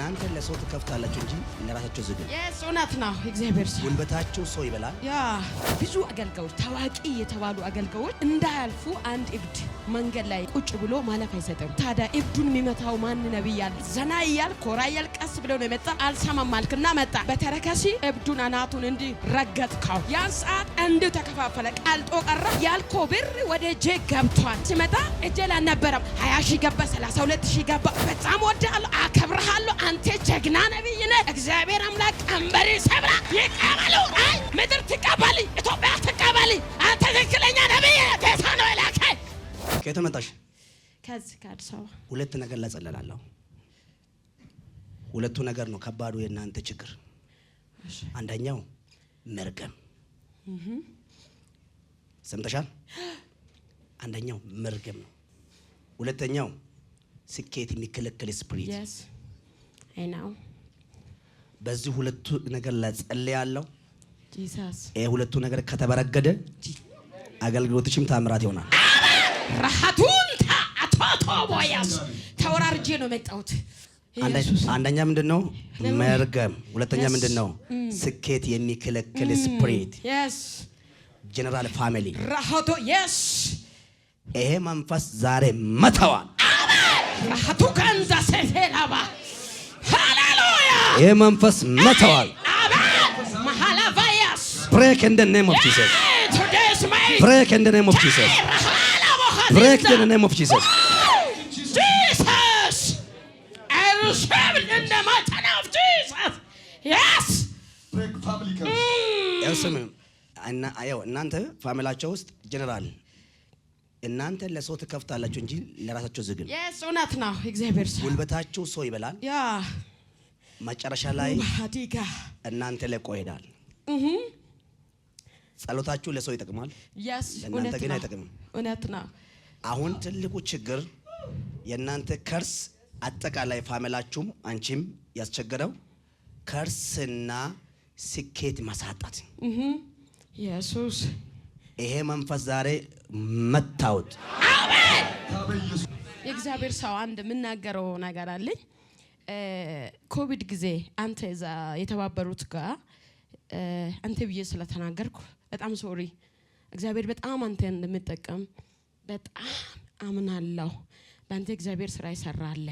እናንተ ለሰው ትከፍታላችሁ እንጂ ለራሳቸው ዝግ የስ እውነት ነው። እግዚአብሔር ሰው ጉልበታቸው ሰው ይበላል። ያ ብዙ አገልጋዮች ታዋቂ የተባሉ አገልጋዮች እንዳያልፉ አንድ እብድ መንገድ ላይ ቁጭ ብሎ ማለፍ አይሰጥም። ታዲያ እብዱን የሚመታው ማን ነብይ ዘና እያል ኮራ እያል ቀስ ብለው ነው የመጣ አልሰማም አልክና መጣ በተረከሲ እብዱን አናቱን እንዲህ ረገጥካው። ያን ሰዓት እንዲሁ ተከፋፈለ፣ ቀልጦ ቀረ። ያልኮ ብር ወደ እጄ ገብቷል። ሲመጣ እጄ ላይ አልነበረም። ሀያ ሺህ ገባ፣ ሰላሳ ሁለት ሺህ ገባ። በጣም ወዳለ ጀግና ነቢይ ነህ። እግዚአብሔር አምላክ ቀንበሬ ሰብራ ይቀበሉ። አይ ምድር ትቀበል፣ ኢትዮጵያ ትቀበል። አንተ ትክክለኛ ነቢይ ጌታ ነው የላከ። ከየት መጣሽ? ከዚህ ከአዲስ አበባ። ሁለት ነገር ላጸለላለሁ። ሁለቱ ነገር ነው ከባዱ የእናንተ ችግር። አንደኛው መርገም ሰምተሻል? አንደኛው መርገም ነው። ሁለተኛው ስኬት የሚከለከል ስፕሪት አይ በዚህ ሁለቱ ነገር ለጸልያለሁ። ይህ ሁለቱ ነገር ከተበረገደ አገልግሎትሽም ታምራት ይሆናል። ራሃቱን አቷቶ ቦያዝ ተወራርጄ ነው መጣሁት። አንደኛ ምንድን ነው መርገም፣ ሁለተኛ ምንድን ነው ስኬት የሚከለክል ስፕሪት ጀነራል ፋሚሊ ራሃቶ ይሄ መንፈስ ዛሬ መተዋል። ይህ መንፈስ መተዋል። ብሬክ እንደ ኔም ኦፍ ጂሰስ ብሬክ እንደ ኔም ኦፍ ጂሰስ እናንተ ፋሚላቸው ውስጥ ጀነራል እናንተ ለሰው ትከፍታላችሁ እንጂ ለራሳቸው ዝግ ነው። እውነት ነው። እግዚአብሔር ጉልበታችሁ ሰው ይበላል። መጨረሻ ላይ እናንተ ለቆ ይሄዳል። ጸሎታችሁ ለሰው ይጠቅማል፣ ለእናንተ ግን አይጠቅምም። እውነት ነው። አሁን ትልቁ ችግር የእናንተ ከርስ አጠቃላይ ፋሚላችሁም አንቺም ያስቸገረው ከርስና ስኬት ማሳጣት ኢየሱስ ይሄ መንፈስ ዛሬ መታወት የእግዚአብሔር ሰው አንድ የምናገረው ነገር አለኝ ኮቪድ ጊዜ አንተ ዛ የተባበሩት ጋር አንተ ብዬ ስለተናገርኩ በጣም ሶሪ። እግዚአብሔር በጣም አንተ እንደምጠቀም በጣም አምናለሁ። ለአንተ እግዚአብሔር ስራ ይሰራለ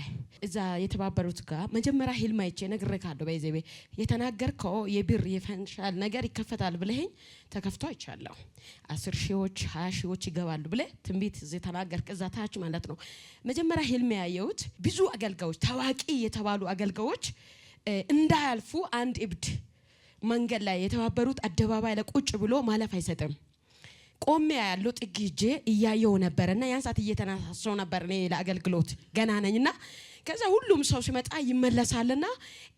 እዛ የተባበሩት ጋር መጀመሪያ ህልም አይቼ ነግሬካለሁ። በይዘቤ የተናገርከው የብር የፈንሻል ነገር ይከፈታል ብለኸኝ ተከፍቶ አይቻለሁ። አስር ሺዎች ሀያ ሺዎች ይገባሉ ብለ ትንቢት እዚህ የተናገርክ እዛ ታች ማለት ነው። መጀመሪያ ህልም ያየሁት ብዙ አገልጋዮች ታዋቂ የተባሉ አገልጋዮች እንዳያልፉ አንድ እብድ መንገድ ላይ የተባበሩት አደባባይ ለቁጭ ብሎ ማለፍ አይሰጥም። ቆሜ ያለው ጥግ ሂጄ እያየው ነበር እና ያን ሰዓት እየተነሳሰው ነበር እኔ ለአገልግሎት ገና ነኝ እና ከዛ ሁሉም ሰው ሲመጣ ይመለሳልና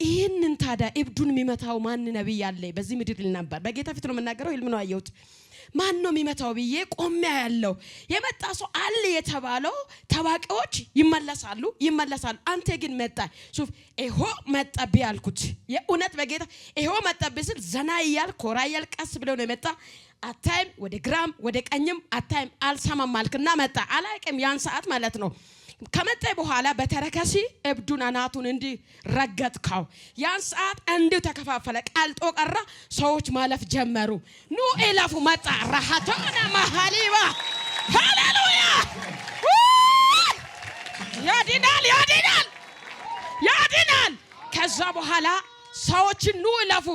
ይህንን ታዲያ እብዱን የሚመታው ማን ነቢይ አለ በዚህ ምድር ይል ነበር። በጌታ ፊት ነው የምናገረው። ህልም ነው ያየሁት። ማን ነው የሚመታው ብዬ ቆሚያ ያለው የመጣ ሰው አለ የተባለው ታዋቂዎች ይመለሳሉ ይመለሳሉ። አንተ ግን መጣ ሱፍ ይሆ መጣብ ያልኩት የእውነት በጌታ ይሆ መጣብ ስል ዘና እያል ኮራ እያል ቀስ ብለው ነው የመጣ አታይም፣ ወደ ግራም ወደ ቀኝም አታይም፣ አልሰማም አልክና መጣ አላቅም ያን ሰዓት ማለት ነው ከመጣ በኋላ በተረከሲ እብዱን አናቱን እንዲ ረገጥከው። ያን ሰዓት እንዲ ተከፋፈለ፣ ቀልጦ ቀራ። ሰዎች ማለፍ ጀመሩ። ኑ ኤላፉ መጣ ራሃቶና ማሃሊባ ሃሌሉያ! ያድናል፣ ያድናል፣ ያድናል። ከዛ በኋላ ሰዎችን ኑ እለፉ።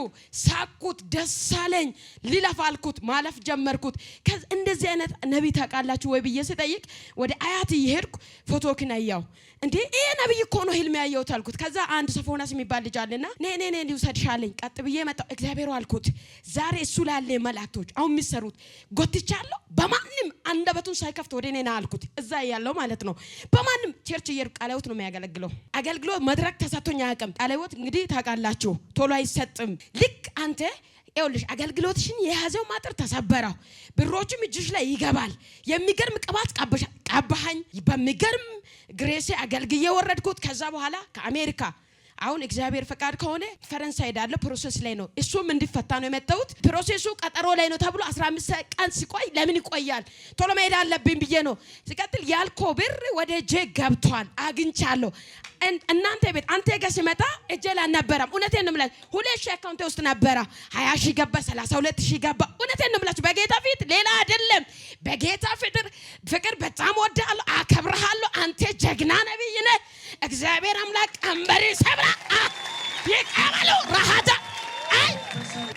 ሳቅኩት፣ ደስ አለኝ፣ ልለፍ አልኩት፣ ማለፍ ጀመርኩት። ከዚ እንደዚህ አይነት ነቢይ ታውቃላችሁ ወይ ብዬ ስጠይቅ ወደ አያት እየሄድኩ ፎቶክን አያው። እንዴ ይሄ ነቢይ እኮ ነው ህልሜ ያየሁት አልኩት። ከዛ አንድ ሶፎናስ የሚባል ልጅ አለና ኔ ኔ ኔ ሊውሰድሻለኝ ቀጥ ብዬ መጣው እግዚአብሔር አልኩት ዛሬ እሱ ላለ መላእክቶች አሁን የሚሰሩት ጎትቻለሁ። በማንም አንደበቱን ሳይከፍት ወደ እኔ ና አልኩት። እዛ ያለው ማለት ነው። በማንም ቸርች እየሄድኩ ቃለ ሕይወት ነው የሚያገለግለው አገልግሎ መድረክ ተሰጥቶኝ አያውቅም። ቃለ ሕይወት እንግዲህ ታውቃላችሁ ቶሎ አይሰጥም። ልክ አንተ ይኸውልሽ አገልግሎትሽን የያዘው ማጥር ተሰበረው፣ ብሮቹም እጅሽ ላይ ይገባል። የሚገርም ቅባት ቀባሃኝ፣ በሚገርም ግሬሴ አገልግዬ ወረድኩት። ከዛ በኋላ ከአሜሪካ አሁን እግዚአብሔር ፈቃድ ከሆነ ፈረንሳይ ሄዳለሁ። ፕሮሰስ ላይ ነው፣ እሱም እንዲፈታ ነው የመጣሁት። ፕሮሴሱ ቀጠሮ ላይ ነው ተብሎ 15 ቀን ሲቆይ ለምን ይቆያል? ቶሎ መሄድ አለብኝ ብዬ ነው። ሲቀጥል ያልኮ ብር ወደ እጄ ገብቷል፣ አግኝቻለሁ። እናንተ ቤት አንተ ጋር ሲመጣ እጄ ላይ አልነበረም። እውነቴን ነው የምላችሁ፣ ሁለት ሺህ አካውንቴ ውስጥ ነበረ። ሀያ ሺህ ገባ፣ ሰላሳ ሁለት ሺህ ገባ። እውነቴን ነው የምላችሁ፣ በጌታ ፊት ሌላ አይደለም። በጌታ ፍቅር በጣም ወዳለሁ፣ አከብረሃለሁ። አንተ ጀግና ነብይ ነህ። እግዚአብሔር አምላክ ቀንበሬ ሰብራ ይቀበሉ። ረሃዳ አይ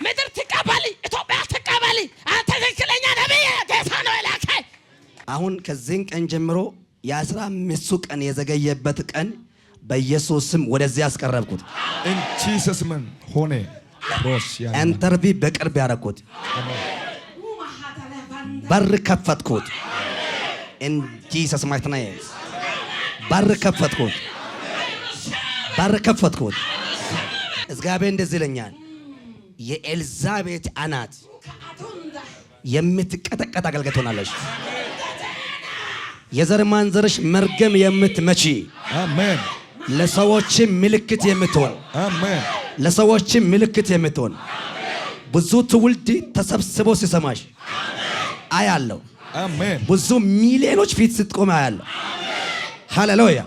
ምድር ትቀበል፣ ኢትዮጵያ ትቀበል። አንተ ትክክለኛ ነብይ ጌታ ነው የላከኝ። አሁን ከዚህን ቀን ጀምሮ የአስራ አምስቱ ቀን የዘገየበት ቀን በኢየሱስ ስም ወደዚህ ያስቀረብኩት እንቺሰስምን ሆኔ ኢንተርቪ በቅርብ ያረኩት በር ከፈትኩት እንጂ ሰስማይትና ባርክ ከፈትኩት፣ ባርክ ከፈትኩት። እግዚአብሔር እንደዚህ ይለኛል፣ የኤልዛቤት አናት የምትቀጠቀጥ አገልጋይ ትሆናለች። የዘር ማንዘርሽ መርገም የምትመቺ አሜን። ለሰዎችም ምልክት የምትሆን አሜን። ለሰዎችም ምልክት የምትሆን ብዙ ትውልድ ተሰብስቦ ሲሰማሽ አያለሁ። ብዙ ሚሊዮኖች ፊት ስትቆም አያለሁ። ሃሌሉያ።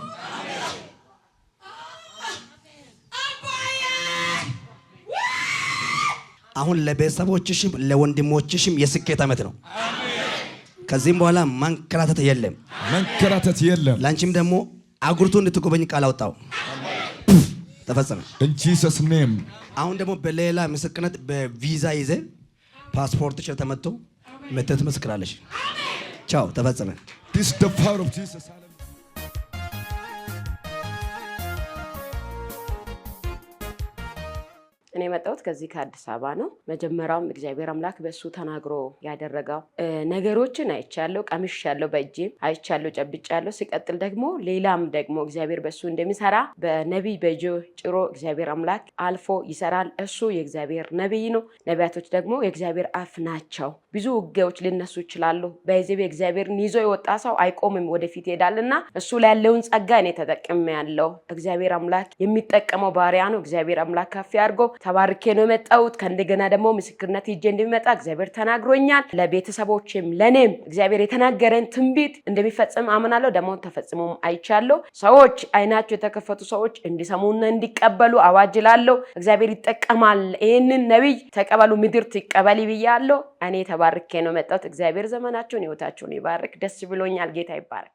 አሁን ለቤተሰቦችሽም ለወንድሞችሽም የስኬት ዓመት ነው። ከዚህም በኋላ መንከራተት የለም፣ መንከራተት የለም። ለአንቺም ደግሞ አጉርቱ እንድትጎበኝ ቃል አወጣው፣ ተፈጸመ። ኢንጂሰስ ኔም። አሁን ደግሞ በሌላ ምስክርነት በቪዛ ይዘ ፓስፖርትሽ ተመቶ መተህ ትመስክራለሽ። ቻው፣ ተፈጸመ። እኔ የመጣሁት ከዚህ ከአዲስ አበባ ነው። መጀመሪያውም እግዚአብሔር አምላክ በእሱ ተናግሮ ያደረገው ነገሮችን አይቻለሁ፣ ያለው በእጄም አይቻለሁ፣ ጨብጫለሁ። ሲቀጥል ደግሞ ሌላም ደግሞ እግዚአብሔር በእሱ እንደሚሰራ በነቢይ በጆ ጭሮ እግዚአብሔር አምላክ አልፎ ይሰራል። እሱ የእግዚአብሔር ነቢይ ነው። ነቢያቶች ደግሞ የእግዚአብሔር አፍ ናቸው። ብዙ ውጊያዎች ሊነሱ ይችላሉ። በዚህ እግዚአብሔርን ይዞ የወጣ ሰው አይቆምም፣ ወደፊት ይሄዳል እና እሱ ላይ ያለውን ጸጋ እኔ ያለው እግዚአብሔር አምላክ የሚጠቀመው ባሪያ ነው። እግዚአብሔር አምላክ ከፍ አድርገው ተባርኬ ነው የመጣሁት። ከእንደገና ደግሞ ምስክርነት ሄጄ እንደሚመጣ እግዚአብሔር ተናግሮኛል። ለቤተሰቦችም ለእኔም እግዚአብሔር የተናገረን ትንቢት እንደሚፈጽም አምናለሁ። ደግሞ ተፈጽሞም አይቻለሁ። ሰዎች አይናቸው የተከፈቱ ሰዎች እንዲሰሙና እንዲቀበሉ አዋጅ ላለሁ እግዚአብሔር ይጠቀማል። ይህንን ነቢይ ተቀበሉ፣ ምድር ትቀበል ብያለሁ። እኔ ተባርኬ ነው የመጣሁት። እግዚአብሔር ዘመናቸውን ህይወታቸውን ይባርክ። ደስ ብሎኛል። ጌታ ይባርክ።